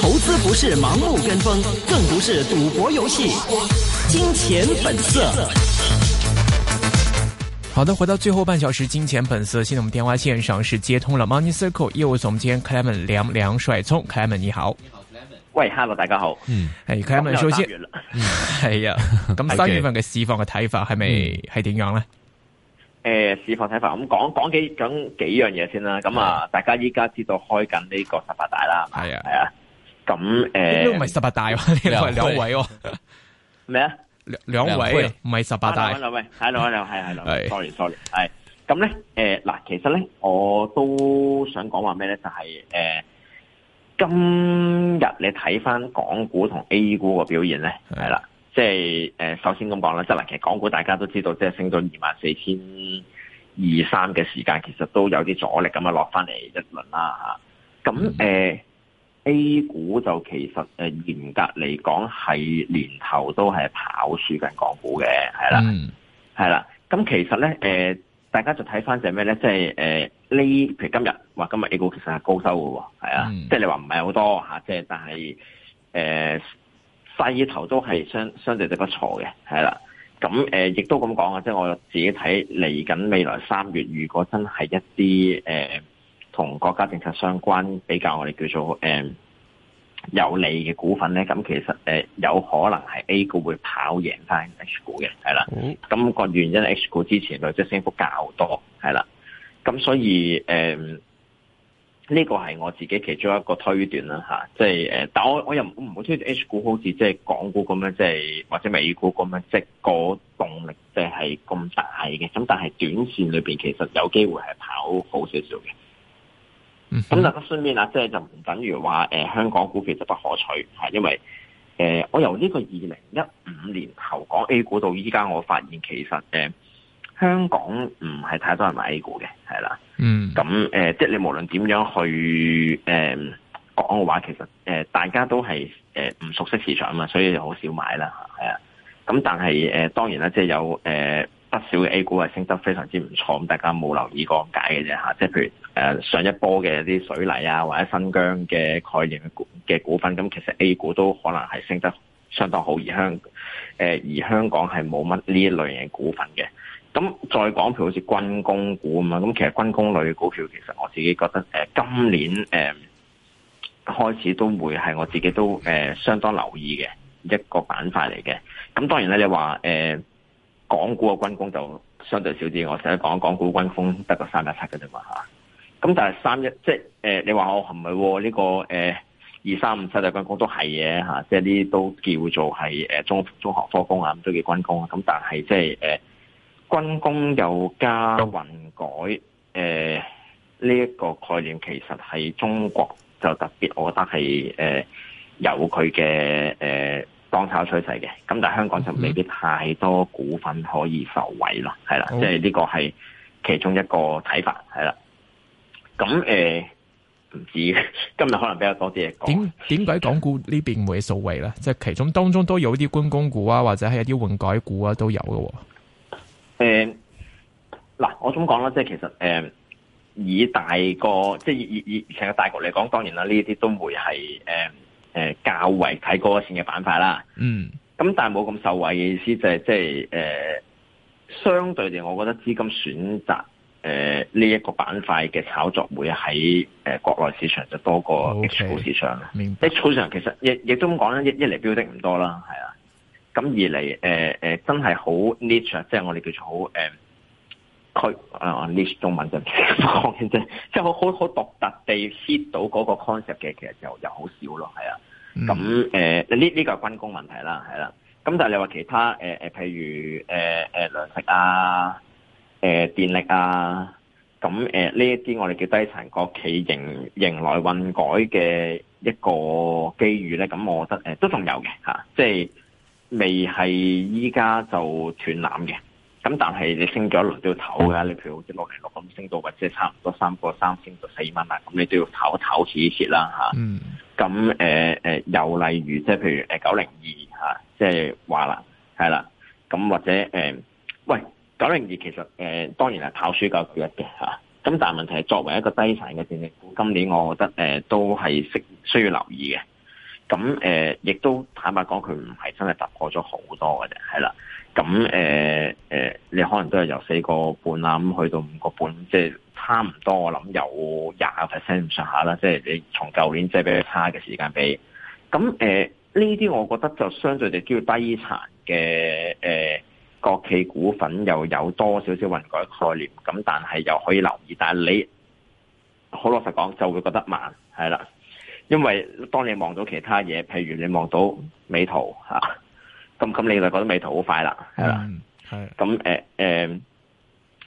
投資不是盲目跟風，更不是賭博遊戲。金錢本色。好的，回到最後半小時，金錢本色。現在我們電話線上是接通了，Money Circle 業務總監 Clement 梁梁帥聰 Clement 你好。你好喂，Hello，大家好。嗯，哎 Clement 首先，哎呀，咁三月份嘅市況嘅睇法係咪係點樣呢？誒，市況睇法，咁講講幾講幾樣嘢先啦。咁啊，大家依家知道開緊呢個十八大啦，係啊，係啊。咁誒，呢個唔係十八大喎，呢位兩位喎，咩啊？兩位唔係十八大，兩位係兩位，係係兩位，sorry sorry，係。咁咧，誒嗱，其實咧，我都想講話咩咧，就係誒，今日你睇翻港股同 A 股個表現咧，係啦。即係誒，首先咁講啦，即係其實港股大家都知道，即係升到二萬四千二三嘅時間，其實都有啲阻力咁啊，落翻嚟一輪啦嚇。咁、嗯呃、A 股就其實誒嚴格嚟講係年頭都係跑輸緊港股嘅，係啦，係啦、嗯。咁其實咧、呃、大家就睇翻係咩咧？即係誒呢？譬如今日話今日 A 股其實係高收嘅喎。係啊，即係你話唔係好多嚇，即係但係誒。勢頭都係相相對地不錯嘅，係啦。咁亦、呃、都咁講啊，即、就、係、是、我自己睇嚟緊未來三月，如果真係一啲誒同國家政策相關比較，我哋叫做誒、呃、有利嘅股份咧，咁其實誒、呃、有可能係 A 股會跑贏翻 H 股嘅，係啦。咁、嗯、個原因係 H 股之前佢即係升幅較多，係啦。咁所以誒。呃呢個係我自己其中一個推斷啦嚇，即係誒，但我我又唔唔好相信 H 股好似即係港股咁樣，即係或者美股咁樣，即係個動力即係咁大嘅。咁但係短線裏邊其實有機會係跑好少少嘅。嗯，咁嗱，我順便啊，即係就唔等於話誒香港股其實不可取嚇、啊，因為誒、啊、我由呢個二零一五年頭講 A 股到依家，我發現其實誒。啊香港唔係太多人買 A 股嘅，係啦，咁誒、嗯呃，即係你無論點樣去誒講嘅話，其實誒、呃、大家都係誒唔熟悉市場啊嘛，所以就好少買啦，係啊。咁但係誒、呃，當然啦，即係有誒、呃、不少嘅 A 股係升得非常之唔錯，咁大家冇留意講解嘅啫吓。即係譬如誒、呃、上一波嘅一啲水泥啊，或者新疆嘅概念嘅股嘅股份，咁其實 A 股都可能係升得相當好，而香誒而香港係冇乜呢一類嘅股份嘅。咁再講，譬如好似軍工股咁嘛，咁其實軍工類嘅股票，其實我自己覺得今年、呃、開始都會係我自己都、呃、相當留意嘅一個板塊嚟嘅。咁當然咧，你話、呃、港股嘅軍工就相對少啲，我成日講港股軍工得個三一七嘅啫嘛。咁但係三一，即係你話我唔係呢個二三五七嘅軍工都係嘅，即係呢啲都叫做係中中學科工啊，都叫軍工咁，但係即係軍工又加混改，誒呢一個概念其實係中國就特別，我覺得係誒、呃、有佢嘅誒當炒趨勢嘅。咁但係香港就未必太多股份可以受惠啦，係啦、嗯，即係呢個係其中一個睇法係啦。咁誒唔知今日可能比較多啲嘢講點點解港股呢邊會受惠咧？即係的其中當中都有啲軍工股啊，或者係一啲混改股啊，都有咯、哦。誒，嗱、呃，我咁講啦，即係其實，誒、呃，以大個，即係以，以以成個大局嚟講，當然啦，呢啲都會係，誒、呃，誒、呃，較為睇高一線嘅板塊啦。嗯。咁但係冇咁受惠嘅意思、就是，就係即係，誒、呃，相對地，我覺得資金選擇，誒、呃，呢、這、一個板塊嘅炒作會喺誒、呃、國內市場就多過 H 股 Okay, 市場啦。明白。H 股上其實亦亦都咁講啦，一嚟標的唔多啦，係啊。咁二嚟，誒、呃呃、真係好 niche，即係我哋叫做好誒，niche 中文就即係好好好獨特地 hit 到嗰個 concept 嘅，其實就又好少咯，係啊。咁誒、嗯，呢呢、呃這個係、這個、軍工問題啦，係啦。咁但係你話其他誒、呃、譬如誒誒、呃呃、糧食啊，誒、呃、電力啊，咁誒呢一啲我哋叫低層國企迎迎來運改嘅一個機遇咧，咁我覺得、呃、都仲有嘅嚇、啊，即未係依家就斷纜嘅，咁但係你升咗一輪都要唞噶，嗯、你譬如好似六零六咁升到或者差唔多三個三升到四蚊啦，咁你都要唞一唞一切啦嚇。咁誒誒又例如即係譬如誒九零二即係話啦，係啦，咁或者誒、呃、喂九零二其實誒、呃、當然係跑輸九九一嘅嚇，咁、啊、但問題係作為一個低層嘅電力股，今年我覺得誒、呃、都係需要留意嘅。咁誒，亦都坦白講，佢唔係真係突破咗好多嘅啫，係啦。咁誒誒，你可能都係由四個半啊，咁去到五個半，即係差唔多。我諗有廿 percent 上下啦，即係你從舊年即係比較差嘅時間俾咁誒，呢啲、呃、我覺得就相對地叫低殘嘅誒國企股份又有多少少混改概念，咁但係又可以留意。但係你好老實講就會覺得慢，係啦。因為當你望到其他嘢，譬如你望到美圖吓，咁、啊、咁你就覺得美圖好快啦，係啦，係咁誒誒，呢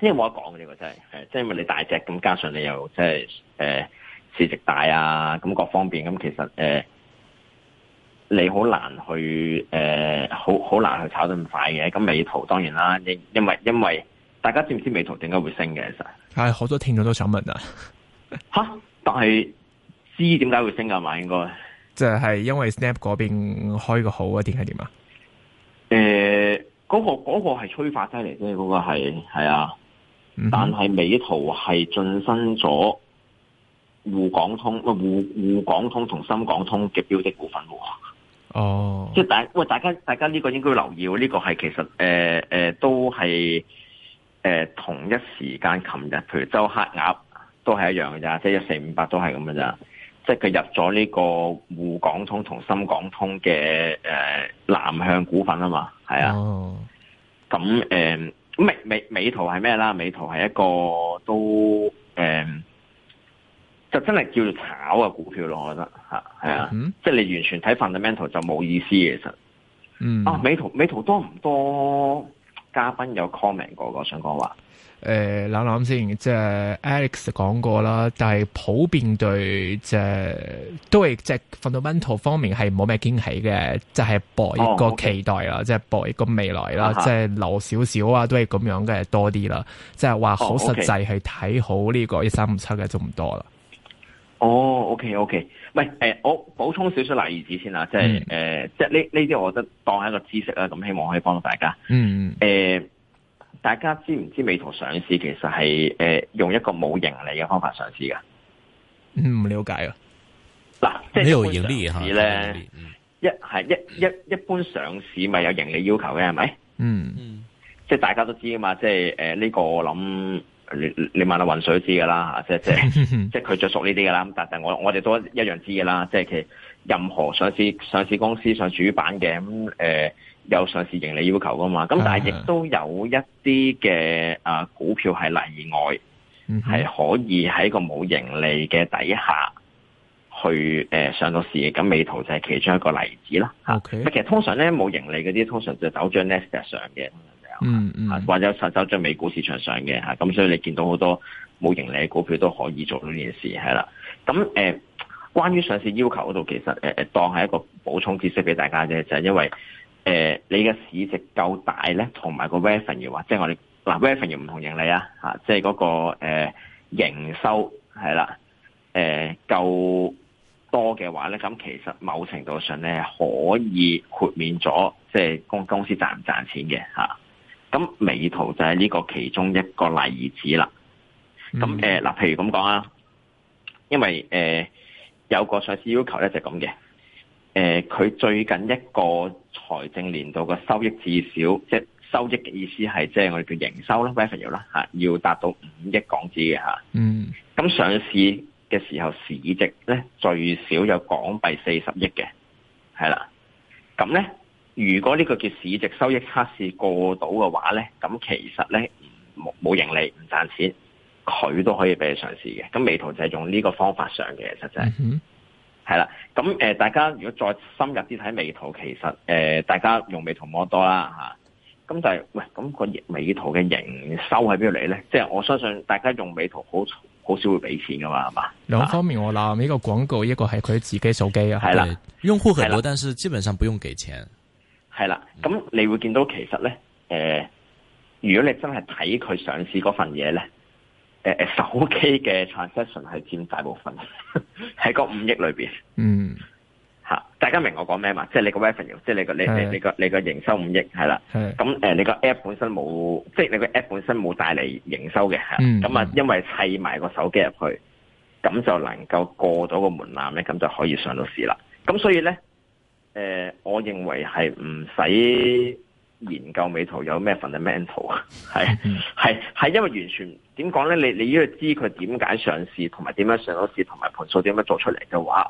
個冇得講嘅呢個真係，係即係因為你大隻，咁加上你又即係誒市值大啊，咁各方面咁其實誒、呃，你好難去誒好好難去炒得咁快嘅，咁美圖當然啦，因為因為因為大家知唔知美圖點解會升嘅其實？係、哎、好多聽咗都想問啊，吓， 但係。知點解會升㗎嘛？應該即係因為 Snap 嗰邊開個好啊？定係點啊？誒、呃，嗰、那個嗰係、那個、催化劑嚟啫，嗰、那個係啊。嗯、哼但係美圖係晉身咗滬港通喂，滬滬港通同深港通嘅標的股份哦，即係大喂，大家大家呢個應該留意，呢、這個係其實、呃呃、都係、呃、同一時間琴，琴日譬如周黑鴨都係一樣㗎咋，即係一四五百都係咁嘅咋。即係佢入咗呢個滬港通同深港通嘅誒、呃、南向股份啊嘛，係啊。咁誒、oh. 嗯，美美美圖係咩啦？美圖係一個都誒、嗯，就真係叫做炒嘅股票咯，我覺得吓。係啊，oh. 即係你完全睇 fundamental 就冇意思嘅其實。嗯。Mm. 啊，美圖美圖多唔多嘉賓有 comment 過我想講話？誒，諗諗先，即係 Alex 講過啦，但係普遍對即係都係即係 fundamental 方面係冇咩驚喜嘅，就係、是、博一個期待啦，oh, okay. 即係博一個未來啦、uh huh.，即係留少少啊，都係咁樣嘅多啲啦，即係話好實際去睇好呢個一三五七嘅就唔多啦。哦、oh,，OK OK，唔係誒，我補充少少例子先啦，即係誒、嗯、呃，即係呢呢啲，這這些我覺得當係一個知識啦，咁希望可以幫到大家。嗯嗯，誒、呃。大家知唔知美圖上市其實係誒、呃、用一個冇盈利嘅方法上市嘅？唔、嗯、了解啊！嗱，即係呢個盈利嘢吓，一係一一一般上市咪有、啊有，嗯、有盈利要求嘅係咪？嗯嗯，即係大家都知啊嘛，即係誒呢個諗你你問阿云水知噶啦吓，即係即係即係佢着數呢啲噶啦，咁 但係我我哋都一樣知噶啦，即係其實任何上市上市公司上主板嘅咁誒。呃有上市盈利要求㗎嘛？咁但係亦都有一啲嘅是是、啊、股票係例外。係、嗯、哼可以喺個冇盈利嘅底下去誒、呃、上到市嘅，咁美圖就係其中一個例子啦吓。Okay. 其實通常咧冇盈利嗰啲，通常就走 Nest 上嘅，嗯，嗯或者走將美股市場上嘅吓，咁、啊、所以你見到好多冇盈利嘅股票都可以做到呢件事係啦。咁誒、呃，關於上市要求嗰度，其實誒、呃、當係一個補充知識俾大家啫，就係、是、因為。誒、呃，你嘅市值夠大咧，同埋個 revenue 嘅話、啊，即係我哋嗱、呃、revenue 唔同盈利啊吓、啊，即係、那、嗰個誒營、呃、收係啦，誒、呃、夠多嘅話咧，咁其實某程度上咧可以豁免咗，即係公公司賺唔賺錢嘅吓。咁美圖就係呢個其中一個例子啦。咁誒嗱，譬如咁講啊，因為誒、呃、有個上市要求咧就咁、是、嘅。誒，佢、呃、最近一個財政年度嘅收益至少，即係收益嘅意思係即係我哋叫營收啦 revenue 啦吓，要達到五億港紙嘅吓。嗯。咁上市嘅時候市值咧最少有港幣四十億嘅，係啦。咁咧，如果呢個叫市值收益測試過到嘅話咧，咁其實咧冇冇盈利唔賺錢，佢都可以俾你上市嘅。咁美圖就係用呢個方法上嘅，實際、就是。嗯係啦，咁誒，大家如果再深入啲睇美圖，其實誒，大家用美圖摩多啦吓，咁但係喂，咁個美圖嘅營收喺邊度嚟咧？即係我相信大家用美圖好好少會俾錢噶嘛，係嘛？兩方面我諗，一個廣告，一個係佢自己手機啊。係啦的，的用戶很多，但是基本上不用給錢。係啦，咁你會見到其實咧，誒、呃，如果你真係睇佢上市嗰份嘢咧。誒誒，手機嘅 transaction 係佔大部分，喺嗰五億裏邊，嗯，吓，大家明我講咩嘛？即係你個 revenue，即係你個是你你是你你個你個營收五億係啦，咁誒，你個 app 本身冇，即係你個 app 本身冇帶嚟營收嘅，咁啊、嗯，的因為砌埋個手機入去，咁就能夠過咗個門檻咧，咁就可以上到市啦。咁所以咧，誒、呃，我認為係唔使研究美圖有咩 fundamental，係系係 因為完全。點講咧？你你要去知佢點解上市，同埋點樣上市，同埋盤數點樣做出嚟嘅話，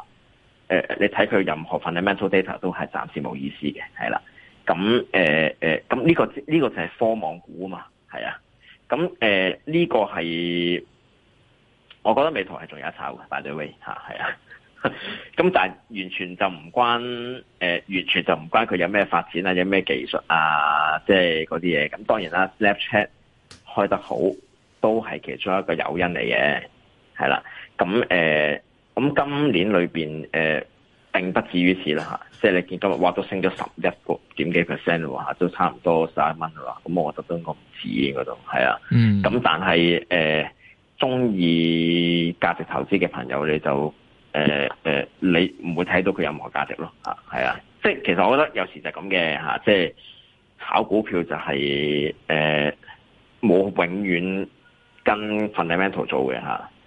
誒、呃、你睇佢任何 fundamental data 都係暫時冇意思嘅，係啦。咁誒誒，咁、嗯、呢、嗯嗯嗯呢個呢、呢個就係科網股啊嘛，係啊。咁誒呢個係我覺得美圖係仲有一炒嘅，by the way 嚇係啊。咁 但係完全就唔關誒、呃，完全就唔關佢有咩發展啊，有咩技術啊，即係嗰啲嘢。咁當然啦，Snapchat 開得好。都係其中一個誘因嚟嘅，係啦。咁誒，咁、呃、今年裏邊誒、呃、並不止於此啦，即係你見今日話都升咗十一個點幾 percent 喎，都差唔多十一蚊啦。咁我覺得我唔止嗰種係啊。咁、嗯、但係誒中意價值投資嘅朋友，你就誒、呃、你唔會睇到佢任何價值咯係啊，即係其實我覺得有時就係咁嘅，即係炒股票就係誒冇永遠。跟 fundamental 做嘅、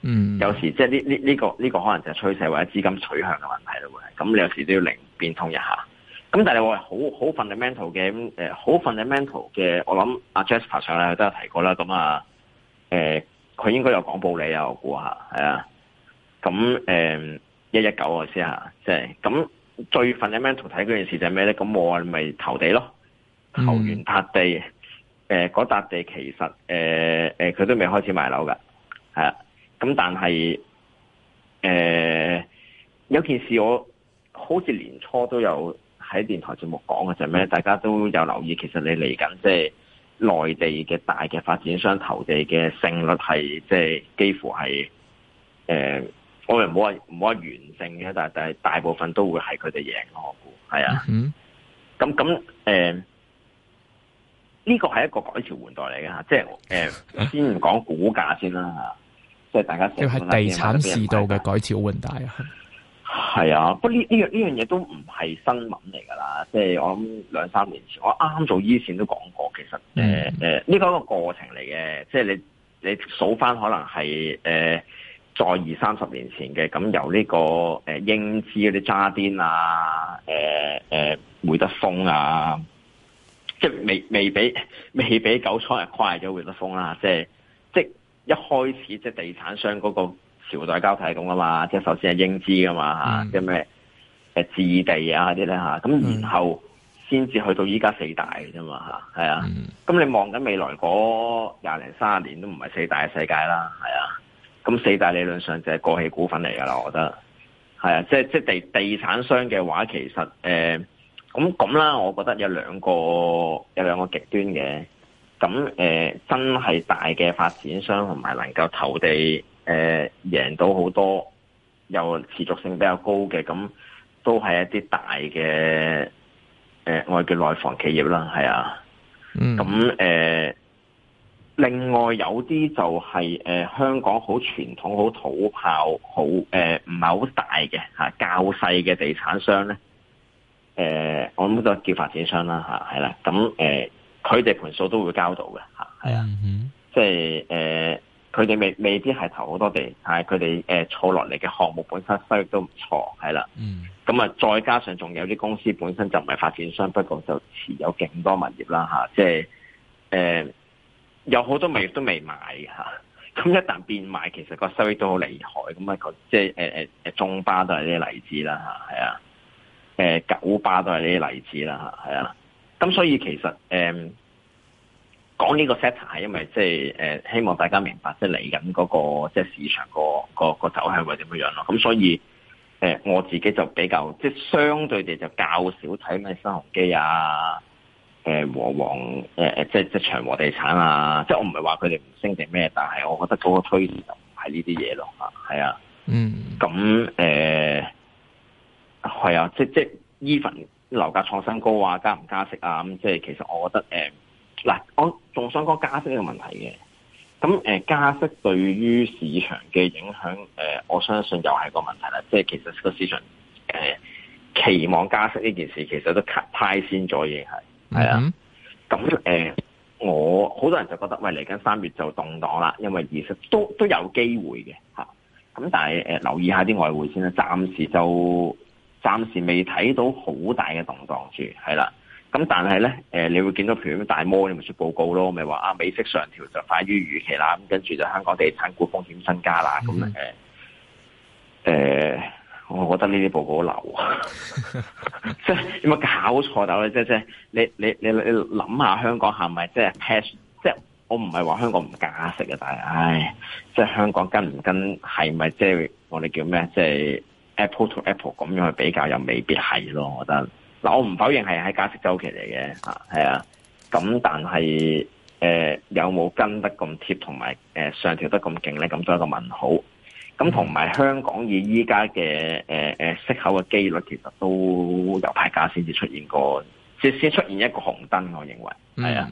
嗯、有時即係呢呢呢個呢、這個、可能就係趨勢或者資金取向嘅問題咯，咁你有時都要靈變通一下。咁但係我係好好 fundamental 嘅，誒、呃、好 fundamental 嘅，我諗阿、啊、Jasper 上咧都有提過啦。咁啊，佢、呃、應該有講報理啊，我估下，係啊。咁誒、呃、一一九我先嚇，即係咁最 fundamental 睇嗰件事是什麼呢就係咩咧？咁我咪投地咯，投完撻地。嗯誒，嗰笪、呃、地其實誒誒，佢、呃呃、都未開始賣樓噶，係啊。咁但係誒、呃，有件事我好似年初都有喺電台節目講嘅，就係咩？大家都有留意，其實你嚟緊即係內地嘅大嘅發展商投地嘅勝率係即係幾乎係誒、呃，我哋唔好話唔好話完勝嘅，但係但係大部分都會係佢哋贏咯，係啊。咁咁誒。咁咁誒呢個係一個改朝換代嚟嘅嚇，即係誒、呃、先唔講股價先啦，即係、啊、大家下即係地產市道嘅改朝換代啊，係誰啊，這個這個，都不過呢、呢樣呢樣嘢都唔係新聞嚟㗎啦，即係我諗兩三年前我啱啱做醫線都講過，其實誒誒呢個是一個過程嚟嘅，即係你你數翻可能係誒、呃、在二三十年前嘅咁由呢、這個誒、呃、英資嗰啲渣甸啊，誒、呃、誒、呃、會德豐啊。即係未未俾未俾九倉誒跨咗會德豐啦，即係即係一開始即係地產商嗰個朝代交替咁啊嘛，即係首先係英資噶嘛嚇，嗯、即咩誒置地啊啲咧嚇，咁然後先至去到依家四大嘅啫嘛嚇，係啊，咁、嗯、你望緊未來嗰廿零三十年都唔係四大嘅世界啦，係啊，咁四大理論上就係過氣股份嚟㗎啦，我覺得係啊，即係即係地地產商嘅話，其實誒，呃咁咁啦，我覺得有兩個有兩個極端嘅，咁、呃、真係大嘅發展商同埋能夠投地誒、呃、贏到好多又持續性比較高嘅，咁都係一啲大嘅誒我哋叫內房企業啦，係啊，咁誒、嗯呃、另外有啲就係、是呃、香港好傳統好土炮好誒唔係好大嘅嚇較細嘅地產商咧。誒、呃，我諗都叫發展商啦，吓係啦。咁誒，佢哋盤數都會交到嘅，吓係啊。嗯、即係誒，佢、呃、哋未未必係投好多地，但係佢哋誒坐落嚟嘅項目本身收益都唔錯，係啦。咁啊、嗯，再加上仲有啲公司本身就唔係發展商，不過就持有勁多物業啦，吓、啊。即係誒、呃，有好多物業都未賣吓。咁、啊、一旦變賣，其實個收益都好厲害。咁、那、啊個，即係誒誒誒，中巴都係啲例子啦，吓係啊。誒，九巴都係呢啲例子啦，吓係啊，咁所以其實誒講呢個 set 係因為即係誒，希望大家明白即係嚟緊嗰個即係市場個個個走向會點樣樣咯，咁所以誒、呃、我自己就比較即係相對地就較少睇咩新鴻基啊，誒、呃、和黃誒誒即係即係長和地產啊，即係我唔係話佢哋唔升定咩，但係我覺得嗰個推就唔係呢啲嘢咯，吓係啊，嗯，咁誒。呃係啊，即即 even 樓價創新高啊，加唔加息啊咁，即係其實我覺得誒嗱、嗯，我仲想講加息呢個問題嘅。咁、呃、加息對於市場嘅影響誒、呃，我相信又係個問題啦。即係其實個市場誒、呃、期望加息呢件事，其實都 cut tight 先咗嘢係，係啊。咁、啊呃、我好多人就覺得喂嚟緊三月就動盪啦，因為其實都都有機會嘅吓。咁、啊、但係、呃、留意下啲外匯先啦，暫時就。暫時未睇到好大嘅動盪住，係啦。咁但係咧，誒、呃，你會見到譬如大摩你咪係出報告咯，咪話啊美息上調就快於預期啦，咁跟住就香港地產股風險增加啦，咁誒誒，我覺得呢啲報告好流，即係有冇搞錯啊？我即係即係你你你你諗下香港係咪即係 patch 即係我唔係話香港唔加息嘅，但係，唉，即係香港跟唔跟係咪即係我哋叫咩？即係。Apple to Apple 咁樣去比較又未必係咯，我覺得嗱，我唔否認係喺加息周期嚟嘅吓，係啊，咁、啊、但係誒、呃、有冇跟得咁貼同埋誒上調得咁勁咧？咁都係一個問號。咁同埋香港以依家嘅誒誒息口嘅機率，其實都有排家先至出現過先先出現一個紅燈，我認為係啊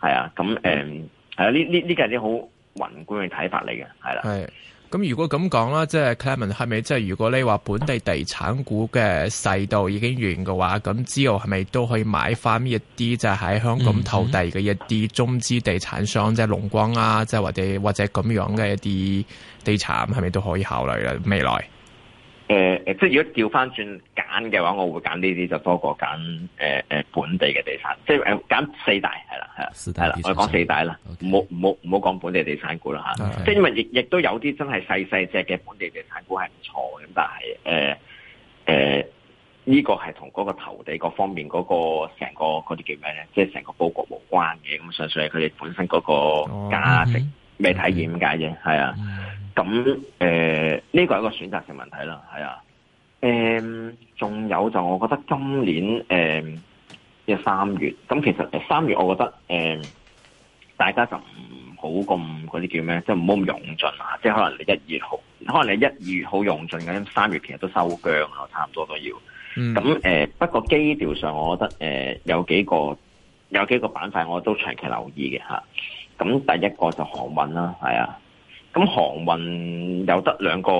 係啊，咁誒係啊，呢呢呢個係啲好宏觀嘅睇法嚟嘅，係啦、啊。咁如果咁講啦，即係 Clement 係咪即係如果你話本地地產股嘅勢度已經完嘅話，咁之後係咪都可以買翻一啲，就係喺香港投地嘅一啲中資地產商，嗯嗯即係龍光啊，即係或者或者咁樣嘅一啲地產，係咪都可以考慮啊？未來？誒誒、呃，即係如果調翻轉揀嘅話，我會揀呢啲就多過揀誒誒本地嘅地產，即係誒揀四大係啦係啦，係啦，我講四大啦，唔好唔好唔好講本地地產股啦吓，Okay. 即係因為亦亦都有啲真係細細隻嘅本地地產股係唔錯嘅，咁但係誒誒呢個係同嗰個投地各方面嗰、嗰個成個嗰啲叫咩咧？即係成個布局無關嘅，咁純粹係佢哋本身嗰個價值未體現咁解啫，係啊。咁誒，呢個係一個選擇性問題啦，係啊。誒、呃，仲有就我覺得今年誒，即、呃、三月。咁其實誒，三月我覺得誒、呃，大家就唔好咁嗰啲叫咩，即係唔好咁用盡啊。即係可能你一月好，可能你一月好用盡嘅，咁三月其實都收姜啦，差唔多都要。咁誒、嗯呃，不過基調上，我覺得誒、呃，有幾個有幾個板塊，我都長期留意嘅吓。咁、啊、第一個就航運啦，係啊。咁航運有得兩個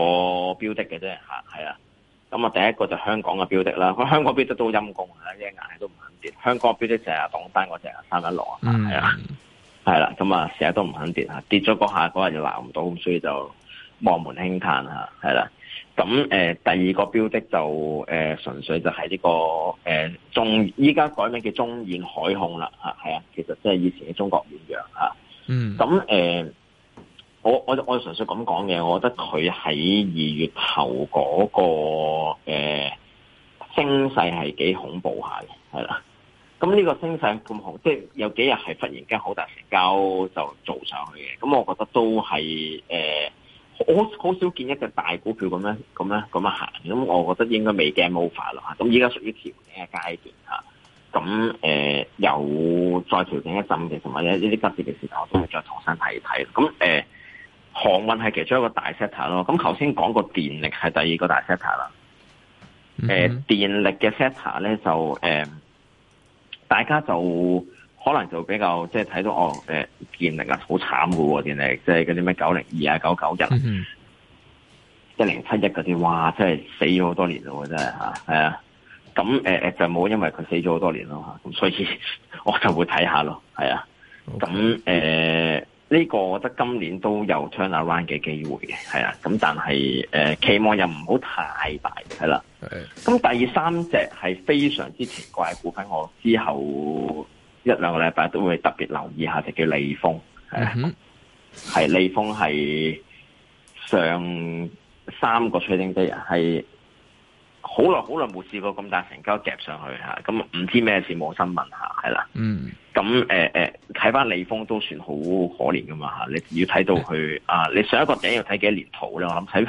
標的嘅啫吓，係啊。咁啊，第一個就香港嘅標的啦。香港的標的都陰功啊，啲眼都唔肯跌。香港的標的成日凍單，我成日三蚊六啊，係啊，係啦。咁啊，成日、啊嗯啊啊、都唔肯跌啊。跌咗嗰下嗰日就留唔到，所以就望門興嘆吓，係、啊、啦。咁誒、啊呃，第二個標的就誒，純、呃、粹就係呢、這個誒、呃、中，依家改名叫中遠海控啦吓，係啊，啊。其實即係以前嘅中國遠洋吓。啊、嗯。咁誒、啊。我我我純粹咁講嘅，我覺得佢喺二月頭嗰、那個誒升勢係幾恐怖吓，係啦。咁呢個升勢咁好，即係有幾日係忽然間好大成交就做上去嘅。咁我覺得都係誒、欸，好好很少見一隻大股票咁樣咁樣咁樣行。咁我覺得應該未 game over 咯吓。咁依家屬於調整嘅階段吓。咁誒，有、欸、再調整一陣嘅，同埋咧呢啲急跌嘅時候，我都會再重新睇一睇。咁誒。欸航運係其中一個大 sector 咯，咁頭先講個電力係第二個大 sector 啦。誒、嗯哼呃，電力嘅 sector 咧就誒、呃，大家就可能就比較即係睇到哦，誒、呃，電力啊好慘嘅喎，電力即係嗰啲咩九零二啊九九一，一零七一嗰啲，哇，真係死咗好多年咯，真係吓，係啊。咁誒誒就冇因為佢死咗好多年咯，咁所以 我就會睇下咯，係啊，咁誒。Okay. 呃呢個我覺得今年都有 turnaround 嘅機會嘅，係啊。咁但係誒期望又唔好太大，係啦。咁的第三隻係非常之奇怪嘅股份，我之後一兩個禮拜都會特別留意一下，就叫利豐，係利豐係上三個 trading day，係。好耐好耐冇試過咁大成交夾上去，咁唔知咩事，冇新聞嚇，係啦。嗯。咁誒睇翻利豐都算好可憐噶嘛嚇，你要睇到佢、嗯、啊，你上一個頂要睇幾年圖呢？我諗睇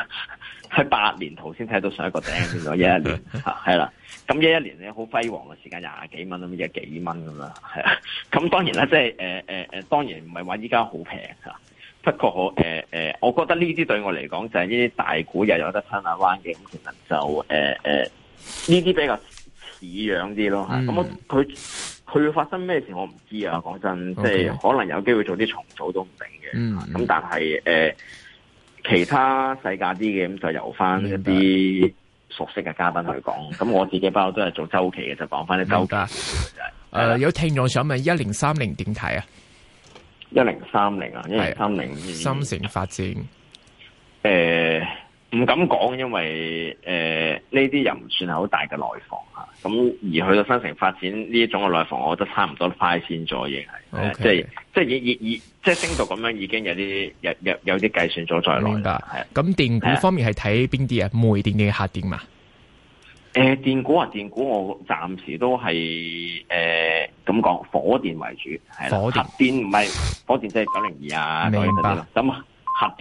睇八年，圖先睇到上一個頂，先咗一一年，係啦。咁一一年咧，好輝煌嘅時間，廿幾蚊咁，一幾蚊咁啦，係啊。咁、嗯、 當然啦，即係誒誒當然唔係話依家好平嚇。不過，誒、呃、誒、呃，我覺得呢啲對我嚟講就係呢啲大股又有得翻下彎嘅，咁其實就誒誒，呢、呃、啲、呃、比較似樣啲咯吓。咁佢佢會發生咩事我唔知啊，講真，Okay. 即係可能有機會做啲重組都唔定嘅。咁、嗯、但係誒、呃，其他細價啲嘅咁就由翻一啲熟悉嘅嘉賓去講。咁、嗯、我自己不嬲都係做周期嘅，就講翻啲周期。誒，有聽眾想問一零三零點睇啊？一零三零啊，一零三零，新城發展，誒唔、呃、敢講，因為誒呢啲又唔算係好大嘅內房啊。咁而去到新城發展呢一種嘅內房，我覺得差唔多快線咗嘢。即係即係已已已即係升到咁樣，已經有啲有有有啲計算咗在內㗎。咁的的電股方面係睇邊啲啊？的煤電嘅係核電啊？誒、欸，電股啊，電股我暫時都係誒咁講，火電為主係啦，核電唔係火電即係九零二啊嗰啲啦，咁啊核電。